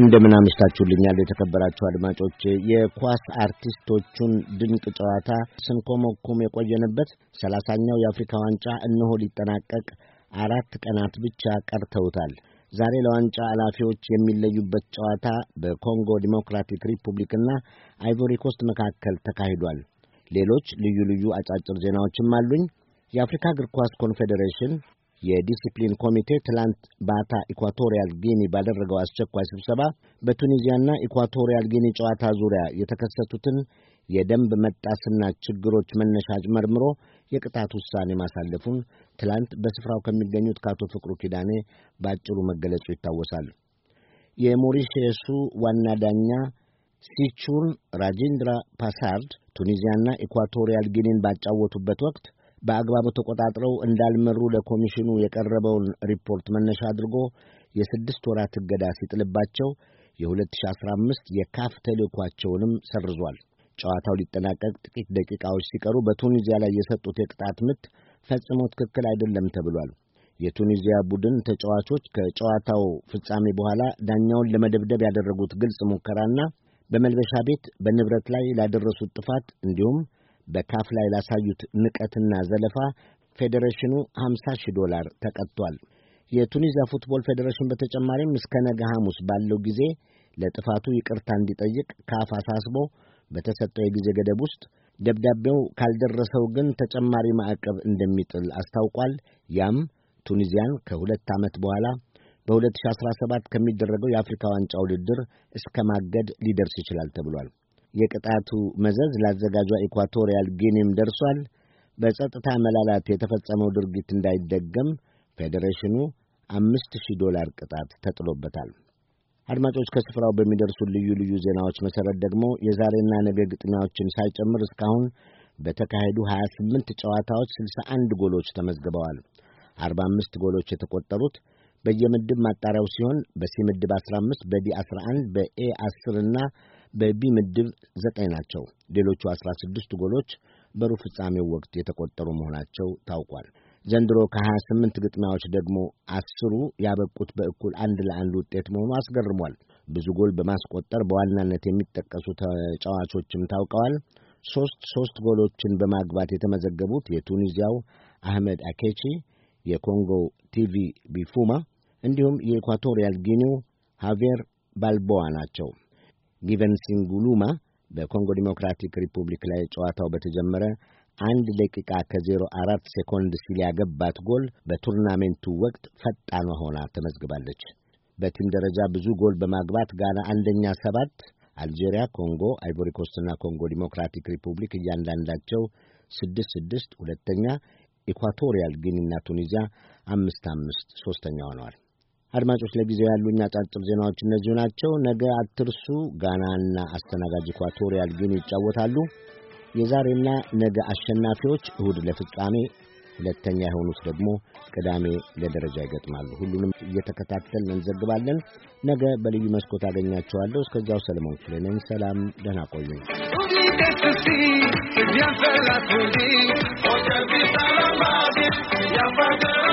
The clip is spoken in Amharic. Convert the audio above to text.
እንደምን አመሽታችሁልኛል የተከበራችሁ አድማጮች። የኳስ አርቲስቶቹን ድንቅ ጨዋታ ስንኮመኩም የቆየንበት ሰላሳኛው የአፍሪካ ዋንጫ እነሆ ሊጠናቀቅ አራት ቀናት ብቻ ቀርተውታል። ዛሬ ለዋንጫ ኃላፊዎች የሚለዩበት ጨዋታ በኮንጎ ዲሞክራቲክ ሪፑብሊክና አይቮሪ ኮስት መካከል ተካሂዷል። ሌሎች ልዩ ልዩ አጫጭር ዜናዎችም አሉኝ። የአፍሪካ እግር ኳስ ኮንፌዴሬሽን የዲሲፕሊን ኮሚቴ ትላንት ባታ ኢኳቶሪያል ጊኒ ባደረገው አስቸኳይ ስብሰባ በቱኒዚያና ኢኳቶሪያል ጊኒ ጨዋታ ዙሪያ የተከሰቱትን የደንብ መጣስና ችግሮች መነሻጭ መርምሮ የቅጣት ውሳኔ ማሳለፉን ትላንት በስፍራው ከሚገኙት ከአቶ ፍቅሩ ኪዳኔ በአጭሩ መገለጹ ይታወሳል። የሞሪሼሱ ዋና ዳኛ ሲቹን ራጄንድራ ፓሳርድ ቱኒዚያና ኢኳቶሪያል ጊኒን ባጫወቱበት ወቅት በአግባቡ ተቆጣጥረው እንዳልመሩ ለኮሚሽኑ የቀረበውን ሪፖርት መነሻ አድርጎ የስድስት ወራት እገዳ ሲጥልባቸው የ2015 የካፍ ተልኳቸውንም ሰርዟል። ጨዋታው ሊጠናቀቅ ጥቂት ደቂቃዎች ሲቀሩ በቱኒዚያ ላይ የሰጡት የቅጣት ምት ፈጽሞ ትክክል አይደለም ተብሏል። የቱኒዚያ ቡድን ተጫዋቾች ከጨዋታው ፍጻሜ በኋላ ዳኛውን ለመደብደብ ያደረጉት ግልጽ ሙከራና በመልበሻ ቤት በንብረት ላይ ላደረሱት ጥፋት እንዲሁም በካፍ ላይ ላሳዩት ንቀትና ዘለፋ ፌዴሬሽኑ 50 ሺህ ዶላር ተቀጥቷል። የቱኒዚያ ፉትቦል ፌዴሬሽን በተጨማሪም እስከ ነገ ሐሙስ ባለው ጊዜ ለጥፋቱ ይቅርታ እንዲጠይቅ ካፍ አሳስቦ በተሰጠው የጊዜ ገደብ ውስጥ ደብዳቤው ካልደረሰው ግን ተጨማሪ ማዕቀብ እንደሚጥል አስታውቋል። ያም ቱኒዚያን ከሁለት ዓመት በኋላ በ2017 ከሚደረገው የአፍሪካ ዋንጫ ውድድር እስከ ማገድ ሊደርስ ይችላል ተብሏል። የቅጣቱ መዘዝ ለአዘጋጇ ኢኳቶሪያል ጊኒም ደርሷል። በጸጥታ መላላት የተፈጸመው ድርጊት እንዳይደገም ፌዴሬሽኑ አምስት ሺህ ዶላር ቅጣት ተጥሎበታል። አድማጮች ከስፍራው በሚደርሱ ልዩ ልዩ ዜናዎች መሠረት ደግሞ የዛሬና ነገ ግጥሚያዎችን ሳይጨምር እስካሁን በተካሄዱ 28 ጨዋታዎች 61 ጎሎች ተመዝግበዋል። 45 ጎሎች የተቆጠሩት በየምድብ ማጣሪያው ሲሆን በሲ ምድብ 15 በዲ 11 በኤ 10 እና በቢ ምድብ 9 ናቸው። ሌሎቹ 16 ጎሎች በሩብ ፍጻሜው ወቅት የተቆጠሩ መሆናቸው ታውቋል። ዘንድሮ ከ28 ግጥሚያዎች ደግሞ አስሩ ያበቁት በእኩል አንድ ለአንድ ውጤት መሆኑ አስገርሟል። ብዙ ጎል በማስቆጠር በዋናነት የሚጠቀሱ ተጫዋቾችም ታውቀዋል። ሶስት ሶስት ጎሎችን በማግባት የተመዘገቡት የቱኒዚያው አህመድ አኬቺ፣ የኮንጎ ቲቪ ቢፉማ እንዲሁም የኢኳቶሪያል ጊኒው ሃቬር ባልቦዋ ናቸው። ጊቨን ሲንጉሉማ በኮንጎ ዲሞክራቲክ ሪፑብሊክ ላይ ጨዋታው በተጀመረ አንድ ደቂቃ ከዜሮ አራት ሴኮንድ ሲል ያገባት ጎል በቱርናሜንቱ ወቅት ፈጣኗ ሆና ተመዝግባለች። በቲም ደረጃ ብዙ ጎል በማግባት ጋና አንደኛ ሰባት፣ አልጄሪያ፣ ኮንጎ አይቮሪኮስትና ኮንጎ ዲሞክራቲክ ሪፑብሊክ እያንዳንዳቸው ስድስት ስድስት ሁለተኛ፣ ኢኳቶሪያል ጊኒና ቱኒዚያ አምስት አምስት ሦስተኛ ሆነዋል። አድማጮች፣ ለጊዜው ያሉኝ አጫጭር ዜናዎች እነዚሁ ናቸው። ነገ አትርሱ፣ ጋናና አስተናጋጅ ኢኳቶሪያል ጊኒ ይጫወታሉ። የዛሬና ነገ አሸናፊዎች እሁድ ለፍጻሜ ሁለተኛ የሆኑት ደግሞ ቅዳሜ ለደረጃ ይገጥማሉ። ሁሉንም እየተከታተል እንዘግባለን። ነገ በልዩ መስኮት አገኛቸዋለሁ። እስከዚያው ሰለሞን ክፍሌ ነኝ። ሰላም፣ ደህና ቆዩ። Y'a